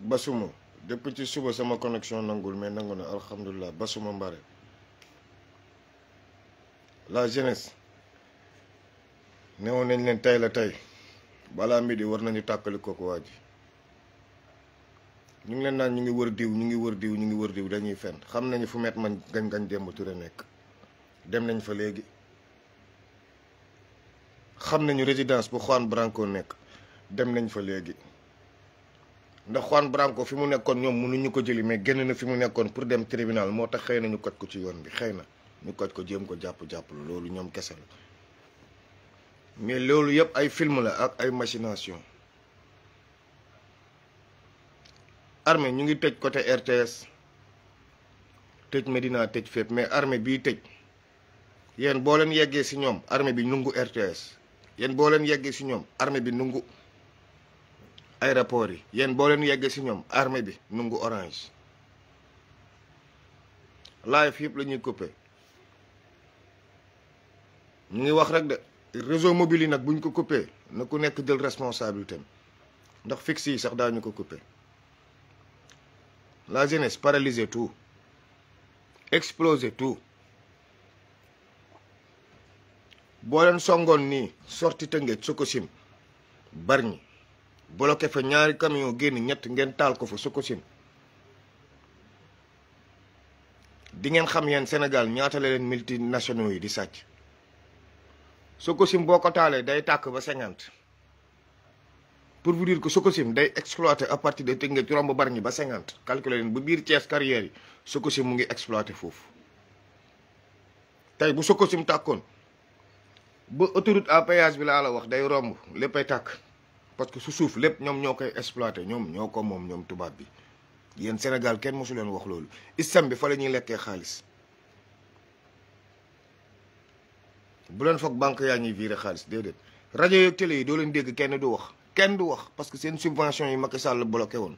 basuma depuis ci suba sama connexion nanguwul mais nangu na alhamdulilah basuma mbare la jeunesse newoon nañ leen tey la tey balaa midi war nañu tàkkali kooku waa ji ñu ngi leen naan ñu ngi wër diw ñu ngi wër diw ñu ngi wër diw dañuy fenn xam nañu fu met man gañ gañ démb ture nekk dem nañ fa léegi xam nañu résidence bu Juan Branco nekk dem nañ fa léegi ndax Juan ko fi mu nekkoon ñoom mënuñu ko jëli mais génn na fi mu nekkoon pour dem tribunal moo tax xëy na ñu koj ko ci yoon bi xëy na ñu koj ko jéem ko jàpp-jàpp la loolu ñoom kese la mais loolu yëpp ay film la ak ay machination armée ñu ngi tëj côté RTS tëj dinaa tëj fépp mais armée bii tëj yéen boo leen yeggee si ñoom armée bi nungu RTS yéen boo leen yeggee si ñoom armée bi nungu aéroport yi yéen boo leen yeggee si ñoom armée bi nungu orange live yëpp la ñuy coupé ñu ngi wax rek de réseau mobile yi nag buñ ko coupé na ku nekk jël responsabilité ndax fixe yi sax daañu ko coupé la jeunesse paralysé tout explosé tout boo leen songoon nii sorti Tëngéej Sococim Bargny bloqué fa ñaari camion génn ñett ngeen taal ko fa Sococim di ngeen xam yeen Sénégal ñaata la leen multinationaux yi di sàcc Sococim boo ko taalee day tàkk ba cinquante pour vous ko que Sococim day exploité à partir de Tëngéej romb Bargny ba cinquante calculer leen bu biir Thiès carrière yi Sococim mu ngi exploité foofu tey bu Sococim tàkkoon ba autoroute à péage bi laa la wax day romb léppay tàkk parce que su suuf lépp ñoom ñoo koy exploité ñoom ñoo ko moom ñoom tubaab bi yéen Sénégal kenn mosu leen wax loolu istam bi fa la ñuy lekkee xaalis bu leen foog banque yaa ñuy viré xaalis déedéet rajo yeeg télé yi doo leen dégg kenn du wax kenn du wax parce que seen subvention yi Macky Sall bloqué woon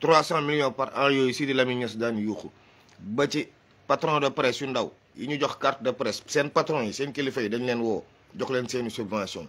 300 millions par an yooyu Sidi Lamine Niass daan yuuxu ba ci patron de presse yu ndaw yi ñu jox carte de presse seen patron yi seen kilifa yi dañ leen woo jox leen seeni subvention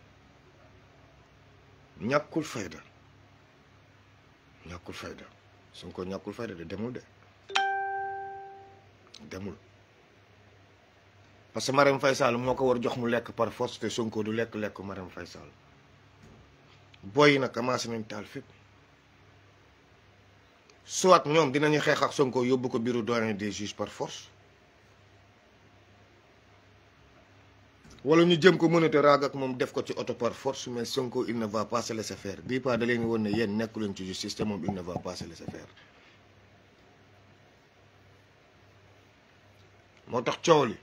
ñakul fayda ñakul fayda Sonko ñakul fayda de demul de demul parce que Marème Faye Sall war jox mu lek par force te Sonko du lek lek maram Faye boy na yi nag commencé nañ tal fépp soit ñom dinañu xex ak ko yobbu ko bureau des juges par force wala ñu jëm ko mënate raag ak mom def ko ci auto par force mais Sonko il ne va pas se laisser faire bii pas da leen woon ne yéen nekku leen ci justice te il ne va pas se laisser faire Motax ciowli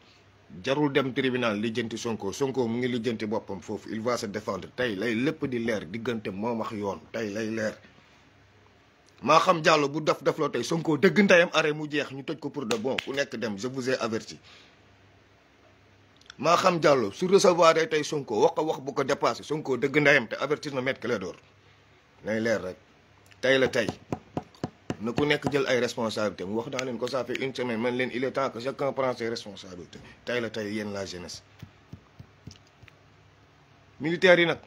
jarul dem tribunal lijjanti Sonko Sonko mu ngi lijjanti bopam fofu il va se défendre Tay lay lepp di leer diggante moom ak yoon Tay lay leer Ma xam jàllo bu def lo tay Sonko dëgg ndeyam arrêt mu jeex ñu toj ko pour de bon ku nekk dem je vous ai averti xam Diallo su recevoir tay Sonko wax wax bu ko dépasser Sonko deug ndayam te avertissement maître d'or lay leer rek tay la tay na ku nek jël ay responsabilité mu wax da len ko ça fait une semaine man len il est temps que chacun prend ses responsabilités tay la tay yeen la jeunesse militaire yi nak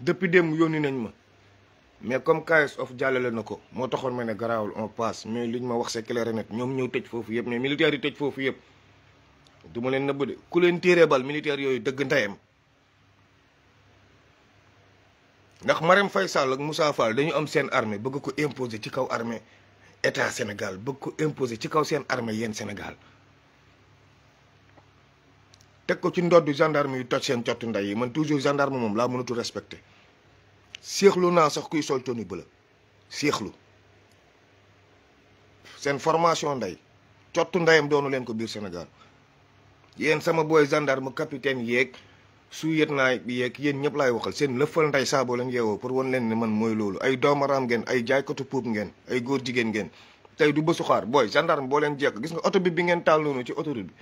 depuis dem yoni nañ ma mais comme KS of jàllale na ko moo taxoon ma ne garaawul on passe mais liñ ma wax c'est clair et net ñoom ñëw tëj foofu yëpp mais militaire yi tëj foofu yëpp du ma leen nëbb de ku leen téeree bal militaire yooyu dëgg ndeyam ndax Marème Faye Sall ak Moussa Fall dañu am seen armée bëgg ko imposer ci kaw armée état Sénégal bëgg ko imposer ci kaw seen armée yéen Sénégal teg ko ci ndoddu gendarme yu toj seen cottu ndey yi man toujours gendarme moom laa mënatu respecté séexlu naa sax kuy sol tenue bleue séexlu seen formation ndey cottu ndeyam doonu leen ko biir Sénégal yéen sama booy gendarme capitaine yeeg su lieutenant naa yeeg yéen ñëpp laay waxal seen lëfal ndey saa boo leen yeewoo pour wan leen ne man mooy loolu ay doomaraam ngeen ay jaaykatu puub ngeen ay góor jigéen ngeen tey du bësu xaar booy gendarme boo leen jekk gis nga oto bi bi ngeen taal noonu ci autoroute bi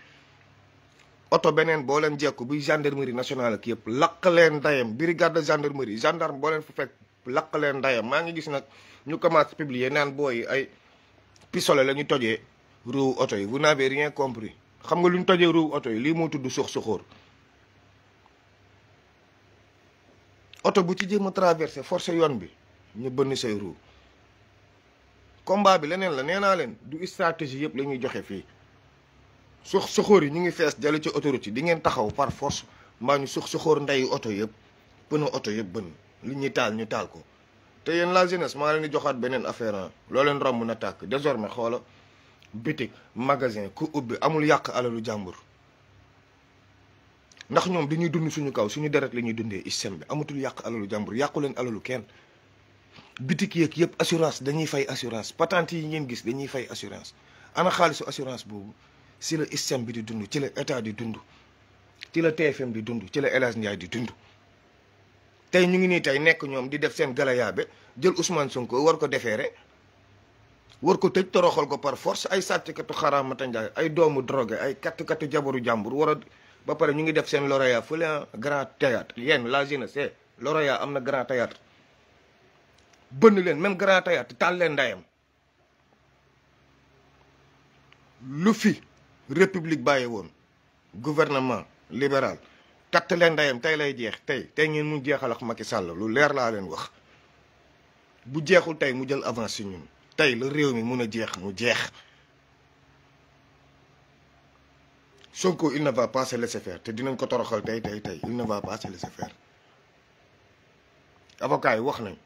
Otobenen benen bo len jekku muri gendarmerie nationale ki yep lak len dayam brigade de gendarmerie gendarme bo len fa fek lak len dayam ma ngi gis nak ñu commence publier naan boy ay pistolet lañu toje tojee auto yi vous n'avez rien compris xam nga luñu toje tojee auto yi li mo tuddu sox soxor auto bu ci jëm traverser forcer yone bi ñu bënn say roue combat bi leneen la len du stratégie yep lañuy joxe fi sux suxóor yi ñu ngi fees dell ci autoroute yi di ngeen taxaw par force mbaa ñu sux suxóor ndeyu oto yëpp pënu oto yëpp bën li ñuy taal ñu taal ko te yéen la jeunesse maa leen di joxaat beneen affaire ah, loo leen romb na tàkk désormais xoola bitik magasin ku ubbi amul yàq alalu jàmbur ndax ñoom dañuy dund suñu kaw suñu deret la ñuy dundee système bi amatul yàq alalu jàmbur yàqu leen alalu kenn bitik yeeg yëpp assurance dañuy fay assurance patante yi ngeen gis dañuy fay assurance ana xaalisu assurance boobu si la système bi di dund ci la état di dundu ci la TFM di dund ci la El Hadj di dundu tey ñu ngi nii tey nekk ñoom di def seen galayaabe jël Ousmane Sonko war ko defeere war ko tëj toroxal ko par force ay sàcckatu xaraamata Ndiaye ay doomu drogué ay kattukatu jabaru jàmbur war ba pare ñu ngi def seen Loroya fële ah, grand théâtre yéen la jeunesse c'est eh, Loroya am na grand théâtre bënn leen même grand théâtre taal leen ndayam lu fi république bàyyi woon gouvernement libéral katt leen ndeyam tey lay jeex tey tey ngeen mu jeexal ak Macky Sall lu leer laa leen wax bu jeexul tey mu jël avance si ñun tey la réew mi mun a mu jeex Sonko il ne va pas se laisser faire te dinañ ko toroxal tay tay tay. il ne va pas se laisser faire avocat yi wax nañ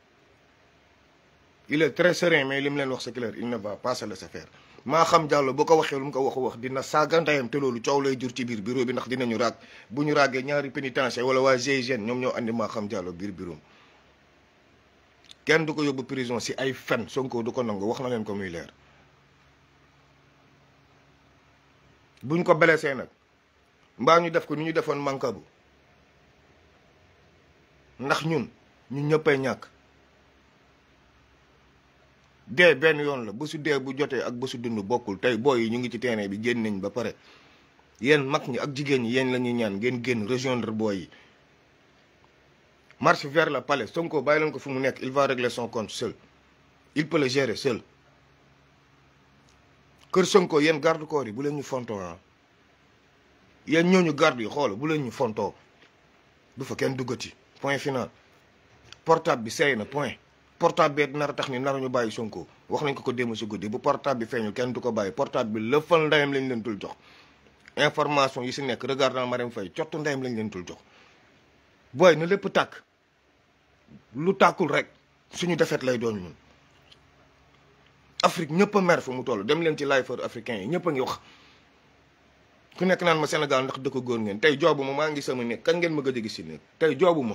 il est très serein mais lim leen wax c'est clair il ne va pas se laisser faire Maham xam jallo bu ko waxe lu ko waxu wax dina saaga ndeyam te lolou ciow lay jur ci bir bureau bi ndax dinañu rag buñu ñu ñaari wala wa GIGN ñom ñoo andi ma xam jallo bir bureau kenn du ko prison si ay fan sonko du ko nangu wax na len ko muy leer buñ ko blessé nak mba ñu def ko ñu defon mankabu ndax ñun ñun ñëppay ñak dee Ben yoon la su dee bu joté ak su dund bokul tay boy ñu ngi ci terrain bi génn nañ ba paré yeen mag ñi ak jigéen ñi yéen ñaan gën gën région marche vers la palais Sonko baylan ko fu nekk il va régler son compte seul il peut le gérer seul. kër Sonko yeen garde corps yi bu leen ñu fonto ah. yeen ñooñu garde yi xool bu leen ñu fonto du fa kenn duggati point final portable bi sey na point. portable bi nar a tax ni ñu bàyyi Sonko wax nañ ko ko démb si guddi bu portable bi feeñul kenn du ko bàyyi portable bi lëfal ndayam lañ leen dul jox information yi si nekk regardant Marème Faye jot ndayam lañ leen dul jox booy na lépp tàkk lu tàkkul rek suñu defeet lay doon ñun Afrique ñëpp a mer fu mu toll dem leen ci live africain yi ñëpp ngi wax ku nekk naan ma Sénégal ndax dëkk góor ngeen tey joobu ma maa ngi sama nekk kan ngeen ma gëj a tey joobu ma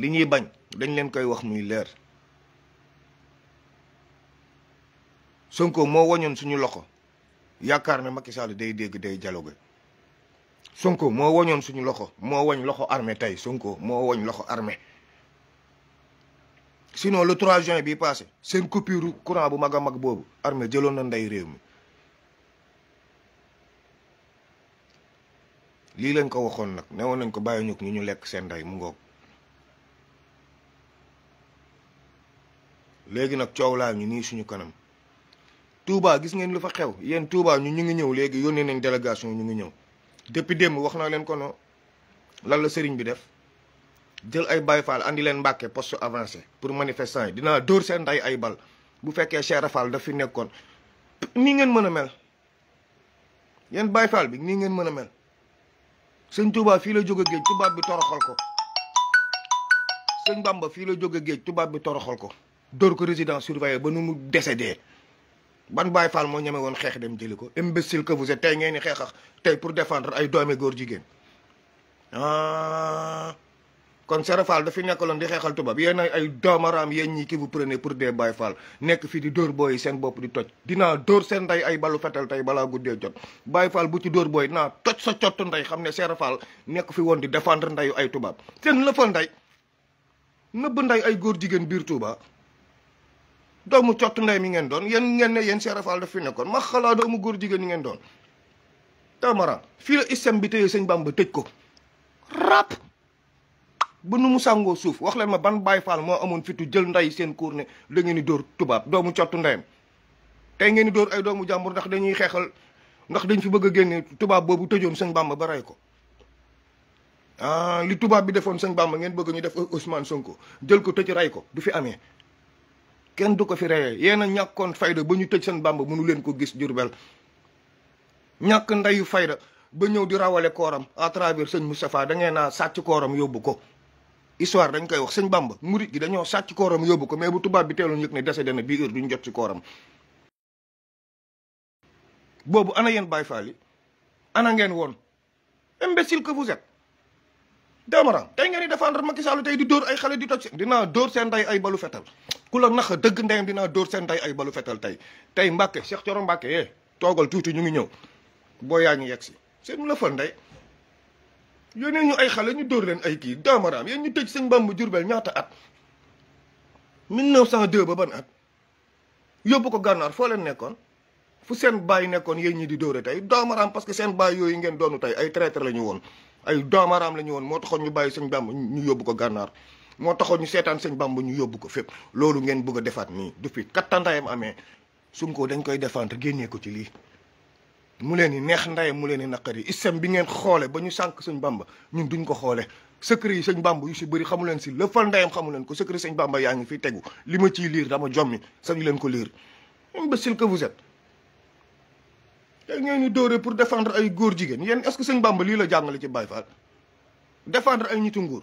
li ñuy bañ dañ leen koy wax muy leer Sonko moo wañoon suñu loxo yaakaar ne Macky Sall day dégg day dialogue Sonko moo wañoon suñu loxo moo wañ loxo armée tey Sonko moo wañ loxo armée sinon le 3 juin bi passé seen coupure courant bu mag a mag boobu armée jëloon na ndey réew mi lii lañ ko waxoon nag ne newoon nañ ko bàyyi ñu ñu lekk seen ndey mu ngoog léegi nag coow laa ngi nii suñu kanam Touba gis ngeen lu fa xew yéen Touba ñu ñu ngi ñëw léegi yónnee nañ délégation ñu ngi ñëw depuis démb wax naa leen ko no lan la sëriñ bi def jël ay Baye Fall andi leen Mbàkke poste avancé pour manifestant dinaa dóor seen ay bal bu fekkee Cheikh Rafal daf nekkoon nii ngeen mën a mel yenn Baye Fall bi nii ngeen mën a mel sëñ Touba fii la jóge géej tubaab bi toroxal ko sëñ Bamba fii la jóge géej tubaab bi toroxal ko dóor ko résidence surveillée ba nu mu décédé ban Baye Fall mo ñame won xex dem jëli ko imbécile que vous êtes tey ngeen ni xeex pour défendre ay doomi góor jigéen ah kon Serap Fall fi nekkaloon di xexal tubaab yéen ay doomaraam yéen ñi ki vous prenez pour des Baye Fall nekk fi di dor boy sen bop di toj dina dor sen ndey ay balu fetal tay bala guddee jot Baye Fall bu ci dor boy na toj sa cottu ndey xam ne Fall nekk fi won di défendre ndeyu ay tubaab le lëfal ndey neub ndey ay góor jigéen biir Touba. doomu cott ndey mi ngeen doon yéen ngeen ne yéen Cheikh Fall daf fi nekkoon ma xalaa doomu góor jigéen ñi ngeen doon Camara fii la système bi téye sëñ Bamba tëj ko rap ba nu mu sàngoo suuf wax leen ma ban Baay Faal moo amoon fitu jël nday seen kuur ne da ngeen di dóor tubaab doomu cott ndeyam tey ngeen di dóor ay doomu jàmbur ndax dañuy xeexal ndax dañ fi bëgg a génne tubaab boobu tëjoon sëñ Bamba ba rey ko ah li tubaab bi defoon sëñ Bamba ngeen bëgg ñu def Ousmane Sonko jël ko tëj rey ko du fi amee kenn du ko fi reyee yéen a fayda ba ñu tejj seen bamba mënu leen ko gis jurbel ñàkk ndeyu fayda ba ñew di rawale koram à travers seigne Moustapha da ngay na sacc koram yobbu ko histoire dañ koy wax seigne bamba murit gi dañoo sacc koram yobbu ko mais bu tubaab bi ne dessé dana bi heure duñ jot ci koram bobu ana yeen Baye fali ana ngeen won imbécile que vous êtes Damara tay ngeen di défendre Macky tay di dor ay xalé di toj dina dor sen tay ay balu fetal ku la nax dëgg ndeyam dinaa dóor seen ndey ay balu fetal tey tey Mbàkke Cheikh Coro Mbàkke yee eh, toogal tuuti ñu ngi ñëw boo yaa ñu yegg si seen lëfal ndey ne ñu ay xale ñu dóor leen ay kii daamaraam yéen ñu tëj sëñ Bàmba Jurbel ñaata at 1902 ba ban at yóbbu ko gànnaar foo leen nekkoon fu seen baay nekkoon yéen ñi di dóore tey daamaraam parce que seen baay yooyu ngeen doonu tey ay traître la ñu woon ay daamaraam la ñu woon moo taxoon ñu bàyyi sëñ Bàmba ñu yóbbu ko gànnaar moo taxoon ñu seetaan sëñ Bamba ñu yóbbu ko fépp loolu ngeen bëgg a defaat nii depuis quatre ans ndayam amee Sonko dañ koy défendre génnee ko ci lii mu leen ni neex ndayam mu leen ni naqari système bi ngeen xoole ba ñu sànq sëñ Bamba ñun duñ ko xoole secret yi sëñ Bamba yu si bëri xamu leen si lëfal ndayam xamu leen ko secret sëñ Bamba yaa ngi fi tegu li ma ciy liir dama jommi sañu leen ko liir imbécile que vous êtes te ngeen ñu dóore pour defendre ay góor jigéen yéen est-ce que sañ Bamba lii la jàngale ci Baye faal défendre ay ñitu nguur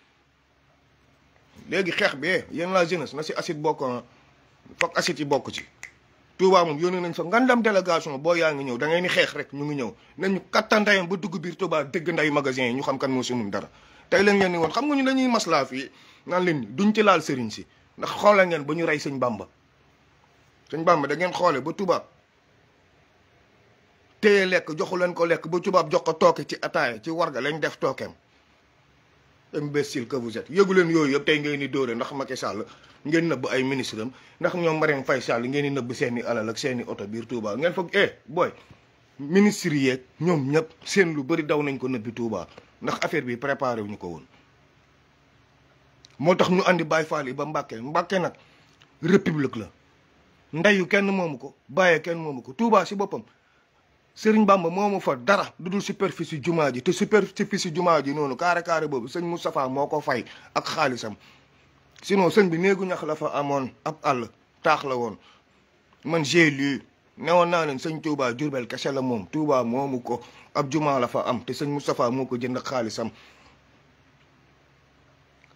léegi xeex bi eh, yéen la jeunesse na si acide bokk ah foog acide yi bokk ci. Touba moom yónnee nañ fa ngandam délégation boo yaa ngi ñëw da ngay ni xeex rek ñu ngi ñëw nañu kattan ndayam ba dugg biir Touba dégg nday magasin yi ñu xam kan moo si mun dara. tey leen ngeen ni woon xam nga ñu dañuy maslaa fii naan leen duñ ci laal sëriñ si ndax xoola ngeen ba ñu rey sëñ Bamba Bamba da ngeen xoole ba tubaab téye lekk joxu leen ko lekk ba tubaab jox ko tooke ci ataaya ci warga lañ def tookeem imbécile que vous êtes yeugulen yoy yeb tay ngeen ni doore ndax Macky Sall ngeen neub ay ministre ndax ñom Marème Faye Sall ngeen ni neub seen alal ak seen auto oto biir Touba ngeen fokk eh boy ministre ak ñom ñep seen lu bari daw nañ ko nëbbi Touba ndax affaire bi préparé wuñ ko woon motax ñu andi Baye Fall yi ba Mbacké Mbacké nak république la ndayu kenn momuko baye kenn momuko Touba si bopam Sëriñ Bamba moomu fa dara du dul superficie jumaa ji te superficie jumaa ji noonu carré carré boobu sëñ Moustapha moo ko fay ak xaalisam sinon sëñ bi néegu ñax la fa amoon ab àll taax la woon man j'ai lu newoon naa leen sëñ Touba Jurbel kese la moom Touba moomu ko ab jumaa la fa am te sëñ Moustapha moo ko jënd ak xaalisam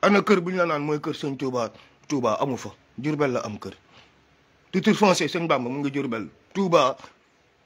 ana kër bu ñu la naan mooy kër sëñ Touba Touba amu fa Jurbel la am kër titre foncier sëñ Bamba mu ngi Jurbel Touba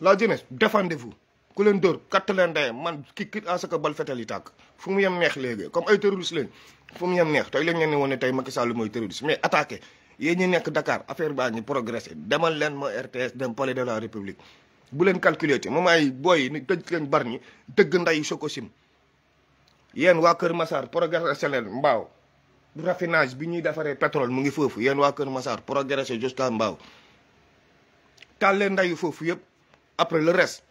la jeunesse défendez-vous ku leen dóor katt leen dayee man ki ki à bal fetal yi tàkk fu mu yem neex léegi comme ay terroriste leen fu mu yem neex tey lañ leen ne woon ne tey Macky Sall mooy terroriste mais attaqué yéen ñi nekk Dakar affaire baa ngi progressé demal leen ma RTS dem palais de la République bu leen calculer te moom booy yi tëj leen bar ñi dëgg nday Sococim yéen waa Kër Massar progressé leen mbaaw raffinage bi ñuy defaree pétrole mu ngi foofu yéen waa Kër Massar progressé jusqu'à mbaaw tàllee ndayu foofu yëpp après le reste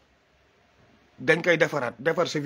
dañ koy defaraat defar sa vie